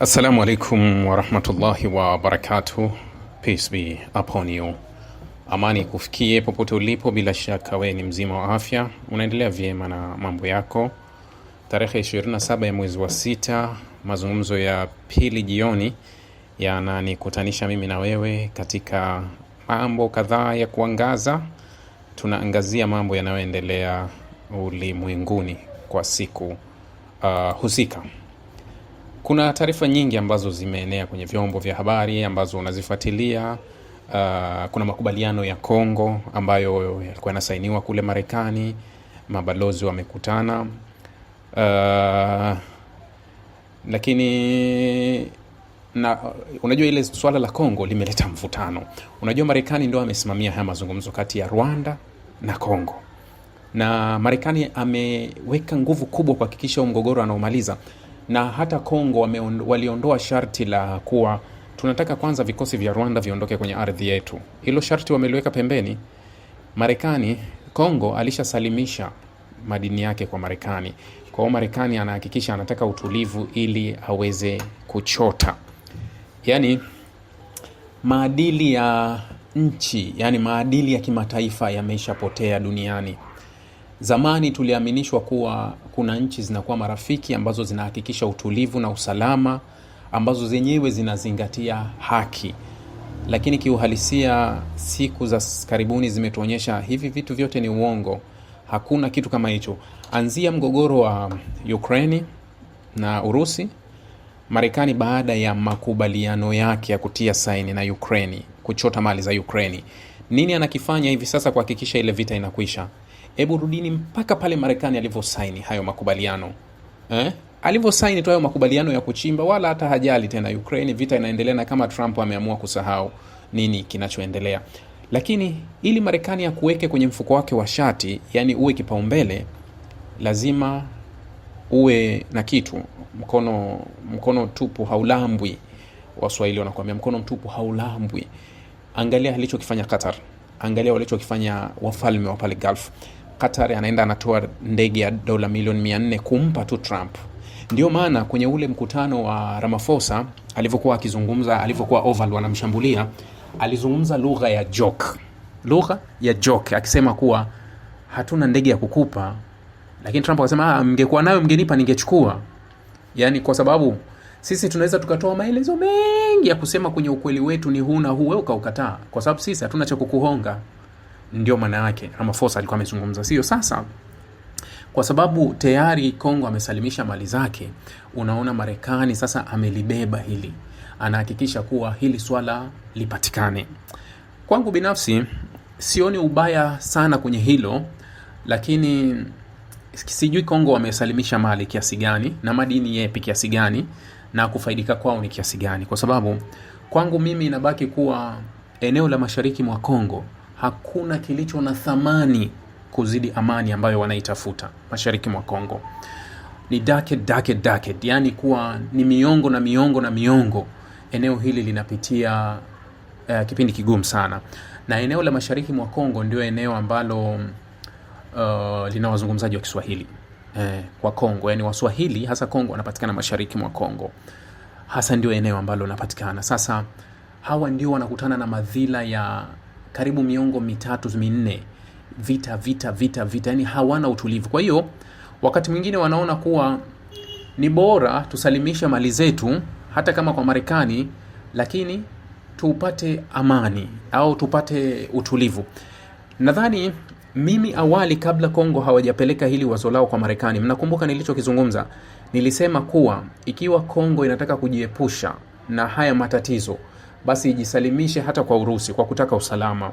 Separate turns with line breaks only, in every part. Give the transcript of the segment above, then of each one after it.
Assalamu alaikum warahmatullahi wabarakatu Peace be upon you. Amani kufikie popote ulipo, bila shaka wewe ni mzima wa afya, unaendelea vyema na mambo yako. Tarehe 27 ya mwezi wa sita, mazungumzo ya pili jioni yananikutanisha mimi na wewe katika mambo kadhaa ya kuangaza. Tunaangazia mambo yanayoendelea ulimwenguni kwa siku uh, husika kuna taarifa nyingi ambazo zimeenea kwenye vyombo vya habari ambazo unazifuatilia. Uh, kuna makubaliano ya Kongo ambayo yalikuwa yanasainiwa kule Marekani, mabalozi wamekutana, uh, lakini na unajua ile swala la Kongo limeleta mvutano. Unajua Marekani ndo amesimamia haya mazungumzo kati ya Rwanda na Kongo, na Marekani ameweka nguvu kubwa kuhakikisha mgogoro anaomaliza na hata Kongo waliondoa sharti la kuwa tunataka kwanza vikosi vya Rwanda viondoke kwenye ardhi yetu. Hilo sharti wameliweka pembeni. Marekani, Kongo alishasalimisha madini yake kwa Marekani. Kwa hiyo Marekani anahakikisha anataka utulivu ili aweze kuchota, yaani maadili ya nchi, yani maadili ya kimataifa yameshapotea duniani. Zamani tuliaminishwa kuwa kuna nchi zinakuwa marafiki ambazo zinahakikisha utulivu na usalama, ambazo zenyewe zinazingatia haki, lakini kiuhalisia, siku za karibuni zimetuonyesha hivi vitu vyote ni uongo. Hakuna kitu kama hicho. Anzia mgogoro wa Ukraini na Urusi, Marekani baada ya makubaliano yake ya kutia saini na Ukraini kuchota mali za Ukraini, nini anakifanya hivi sasa kuhakikisha ile vita inakwisha? hebu rudini mpaka pale Marekani alivyosaini hayo makubaliano eh? alivyosaini tu hayo makubaliano ya kuchimba, wala hata hajali tena Ukraine, vita inaendelea, na kama Trump ameamua kusahau nini kinachoendelea. Lakini ili Marekani akuweke kwenye mfuko wake wa shati, yani uwe kipaumbele, lazima uwe na kitu. Mkono mkono tupu haulambwi, Waswahili wanakuambia mkono mtupu haulambwi. Angalia alichokifanya Qatar, angalia walichokifanya wafalme wa pale Gulf. Qatar anaenda anatoa ndege ya dola milioni 400 kumpa tu Trump. Ndio maana kwenye ule mkutano wa Ramaphosa alivyokuwa akizungumza, alivyokuwa Oval wanamshambulia, alizungumza lugha ya joke, lugha ya joke akisema kuwa hatuna ndege ya kukupa, lakini Trump akasema ah, mngekuwa nayo mngenipa, ningechukua. Yani kwa sababu sisi tunaweza tukatoa maelezo mengi ya kusema kwenye ukweli wetu ni huu na huu, wewe ukaukataa, kwa sababu sisi hatuna cha kukuhonga ndio maana yake Ramaphosa alikuwa amezungumza, sio sasa kwa sababu tayari Kongo amesalimisha mali zake. Unaona, Marekani sasa amelibeba hili, anahakikisha kuwa hili swala lipatikane. Kwangu binafsi sioni ubaya sana kwenye hilo, lakini sijui Kongo wamesalimisha mali kiasi gani na madini yepi kiasi gani na kufaidika kwao ni kiasi gani, kwa sababu kwangu mimi inabaki kuwa eneo la mashariki mwa Kongo hakuna kilicho na thamani kuzidi amani ambayo wanaitafuta mashariki mwa Kongo. Ni decade, decade, decade, Yani kuwa ni miongo na miongo na miongo. Eneo hili linapitia uh, kipindi kigumu sana, na eneo la mashariki mwa Kongo ndio eneo ambalo uh, lina wazungumzaji wa Kiswahili eh, kwa Kongo, yani Waswahili hasa Kongo wanapatikana mashariki mwa Kongo, hasa ndio eneo ambalo linapatikana sasa. Hawa ndio wanakutana na madhila ya karibu miongo mitatu minne, vita vita vita vita, yani hawana utulivu. Kwa hiyo wakati mwingine wanaona kuwa ni bora tusalimishe mali zetu hata kama kwa Marekani, lakini tupate amani au tupate utulivu. Nadhani mimi awali, kabla Kongo hawajapeleka hili wazo lao kwa Marekani, mnakumbuka nilichokizungumza, nilisema kuwa ikiwa Kongo inataka kujiepusha na haya matatizo basi ijisalimishe hata kwa Urusi kwa kutaka usalama,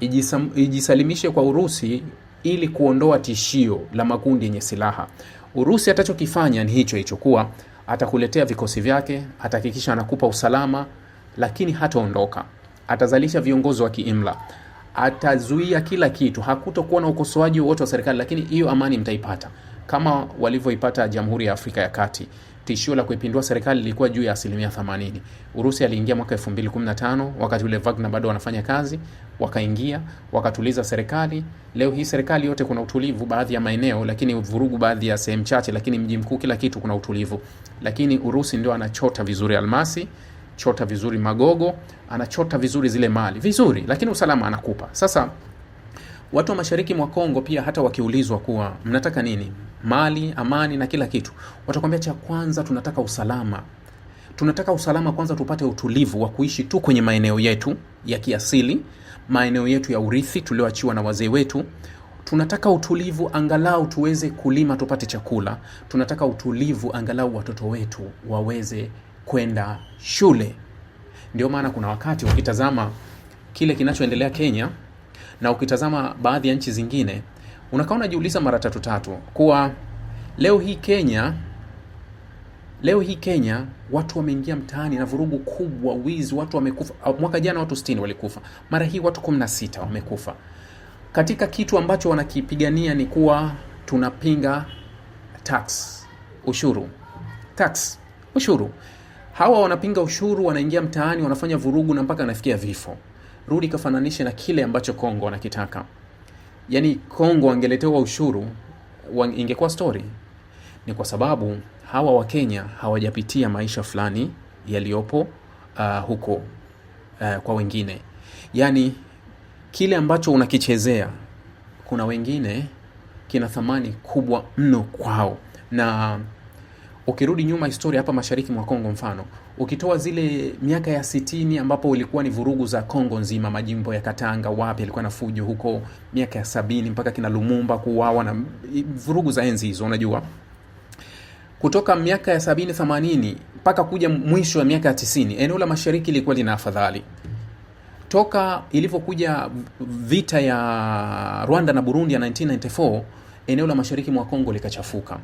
ijisam, ijisalimishe kwa Urusi ili kuondoa tishio la makundi yenye silaha. Urusi atachokifanya ni hicho hicho, kuwa atakuletea vikosi vyake, atahakikisha anakupa usalama, lakini hataondoka. Atazalisha viongozi wa kiimla, atazuia kila kitu, hakutokuwa na ukosoaji wowote wa serikali, lakini hiyo amani mtaipata kama walivyoipata Jamhuri ya Afrika ya Kati. Tishio la kuipindua serikali lilikuwa juu ya asilimia 80. Urusi aliingia mwaka 2015, wakati ule Wagner bado wanafanya kazi, wakaingia wakatuliza serikali. Leo hii serikali yote kuna utulivu baadhi ya maeneo, lakini vurugu baadhi ya sehemu chache, lakini mji mkuu, kila kitu kuna utulivu. Lakini Urusi ndio anachota vizuri almasi, chota vizuri magogo, anachota vizuri zile mali vizuri, lakini usalama anakupa sasa Watu wa mashariki mwa Kongo pia hata wakiulizwa kuwa mnataka nini, mali, amani na kila kitu, watakwambia cha kwanza tunataka usalama. Tunataka usalama kwanza, tupate utulivu wa kuishi tu kwenye maeneo yetu ya kiasili, maeneo yetu ya urithi tulioachiwa na wazee wetu. Tunataka utulivu angalau tuweze kulima tupate chakula. Tunataka utulivu angalau watoto wetu waweze kwenda shule. Ndio maana kuna wakati ukitazama kile kinachoendelea Kenya na ukitazama baadhi ya nchi zingine unakaa unajiuliza mara tatu tatu kuwa leo hii Kenya leo hii Kenya watu wameingia mtaani na vurugu kubwa, wizi, watu wamekufa. Ah, mwaka jana watu 60 walikufa, mara hii watu 16 wamekufa, katika kitu ambacho wanakipigania ni kuwa tunapinga tax, ushuru, tax, ushuru. Hawa wanapinga ushuru, wanaingia mtaani, wanafanya vurugu na mpaka anafikia vifo rudi kafananishe na kile ambacho Kongo anakitaka Yaani Kongo angeletewa ushuru ingekuwa story Ni kwa sababu hawa Wakenya hawajapitia maisha fulani yaliyopo uh, huko uh, kwa wengine. Yaani kile ambacho unakichezea kuna wengine kina thamani kubwa mno kwao, na ukirudi nyuma historia hapa mashariki mwa Kongo mfano ukitoa zile miaka ya sitini ambapo ilikuwa ni vurugu za Kongo nzima, majimbo ya Katanga wapi alikuwa na fujo huko, miaka ya sabini mpaka kina Lumumba kuuawa na vurugu za enzi hizo, unajua kutoka miaka ya sabini themanini mpaka kuja mwisho wa miaka ya tisini eneo la mashariki lilikuwa lina afadhali. Toka ilivyokuja vita ya Rwanda na Burundi ya 1994 eneo la mashariki mwa Kongo likachafuka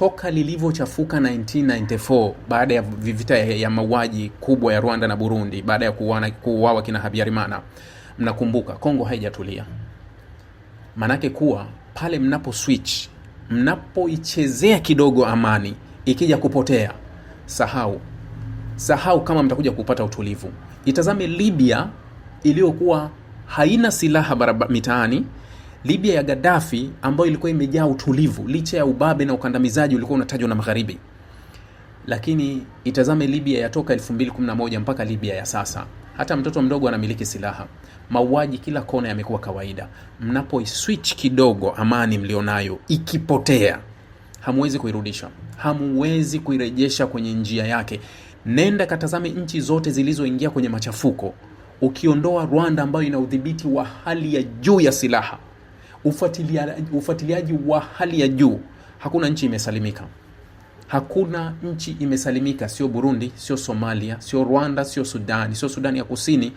toka lilivyochafuka 1994 baada ya vita ya, ya mauaji kubwa ya Rwanda na Burundi baada ya kuuawa kina Habyarimana, mnakumbuka Kongo haijatulia. Manake kuwa pale mnapo switch, mnapoichezea kidogo amani, ikija kupotea, sahau sahau kama mtakuja kupata utulivu. Itazame Libya iliyokuwa haina silaha mitaani Libya ya Gaddafi ambayo ilikuwa imejaa utulivu licha ya ubabe na ukandamizaji ulikuwa unatajwa na magharibi, lakini itazame Libya ya toka 2011 mpaka Libya ya sasa. Hata mtoto mdogo anamiliki silaha. Mauaji kila kona yamekuwa kawaida. Mnapoiswitch kidogo amani mlionayo ikipotea, hamwezi kuirudisha, Hamwezi kuirejesha kwenye njia yake. Nenda katazame nchi zote zilizoingia kwenye machafuko, ukiondoa Rwanda ambayo ina udhibiti wa hali ya juu ya silaha ufuatiliaji, ufuatiliaji wa hali ya juu. Hakuna nchi imesalimika, hakuna nchi imesalimika, sio Burundi, sio Somalia, sio Rwanda, sio Sudani, sio Sudani ya Kusini,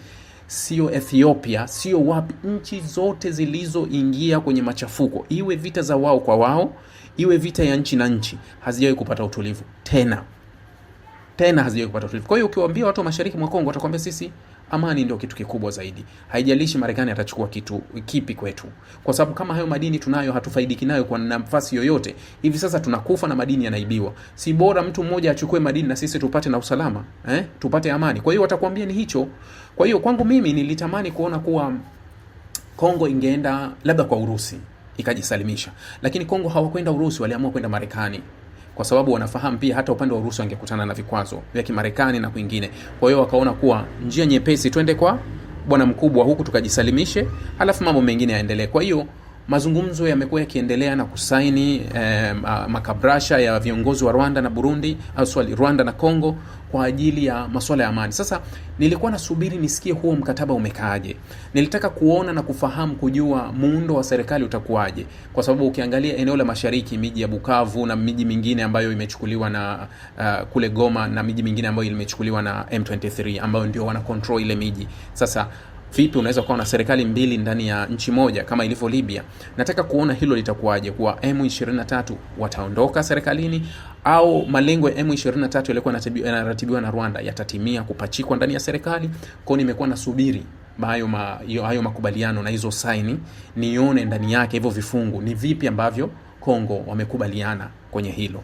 sio Ethiopia, sio wapi. Nchi zote zilizoingia kwenye machafuko, iwe vita za wao kwa wao, iwe vita ya nchi na nchi, hazijawahi kupata utulivu tena tena hazijawahi kupata utulivu. Kwa hiyo ukiwaambia watu wa mashariki mwa Kongo watakwambia sisi amani ndio kitu kikubwa zaidi. Haijalishi Marekani atachukua kitu kipi kwetu, kwa sababu kama hayo madini tunayo, hatufaidiki nayo kwa nafasi yoyote. Hivi sasa tunakufa na madini yanaibiwa. Si bora mtu mmoja achukue madini na sisi tupate na usalama eh? Tupate amani. Kwa hiyo watakwambia ni hicho. Kwa hiyo kwangu mimi nilitamani kuona kuwa Kongo ingeenda labda kwa Urusi ikajisalimisha, lakini Kongo hawakwenda Urusi, waliamua kwenda Marekani kwa sababu wanafahamu pia hata upande wa Urusi wangekutana na vikwazo vya Kimarekani na kwingine. Kwa hiyo wakaona kuwa njia nyepesi, twende kwa bwana mkubwa huku tukajisalimishe, halafu mambo mengine yaendelee. Kwa hiyo mazungumzo yamekuwa yakiendelea na kusaini eh, makabrasha ya viongozi wa Rwanda na Burundi, au Rwanda na Congo kwa ajili ya masuala ya amani. Sasa nilikuwa nasubiri nisikie huo mkataba umekaaje, nilitaka kuona na kufahamu, kujua muundo wa serikali utakuwaje, kwa sababu ukiangalia eneo la mashariki, miji ya Bukavu na miji mingine ambayo imechukuliwa na uh, kule Goma na miji mingine ambayo imechukuliwa na M23 ambayo ndio wana control ile miji sasa vipi unaweza kuwa na serikali mbili ndani ya nchi moja kama ilivyo Libya. Nataka kuona hilo litakuwaje, kuwa M23 wataondoka serikalini au malengo ya M23 yalikuwa yanaratibiwa na Rwanda yatatimia kupachikwa ndani ya serikali kwao. Nimekuwa nasubiri hayo ma, hayo makubaliano na hizo saini nione ndani yake hivyo vifungu ni vipi ambavyo Kongo wamekubaliana kwenye hilo.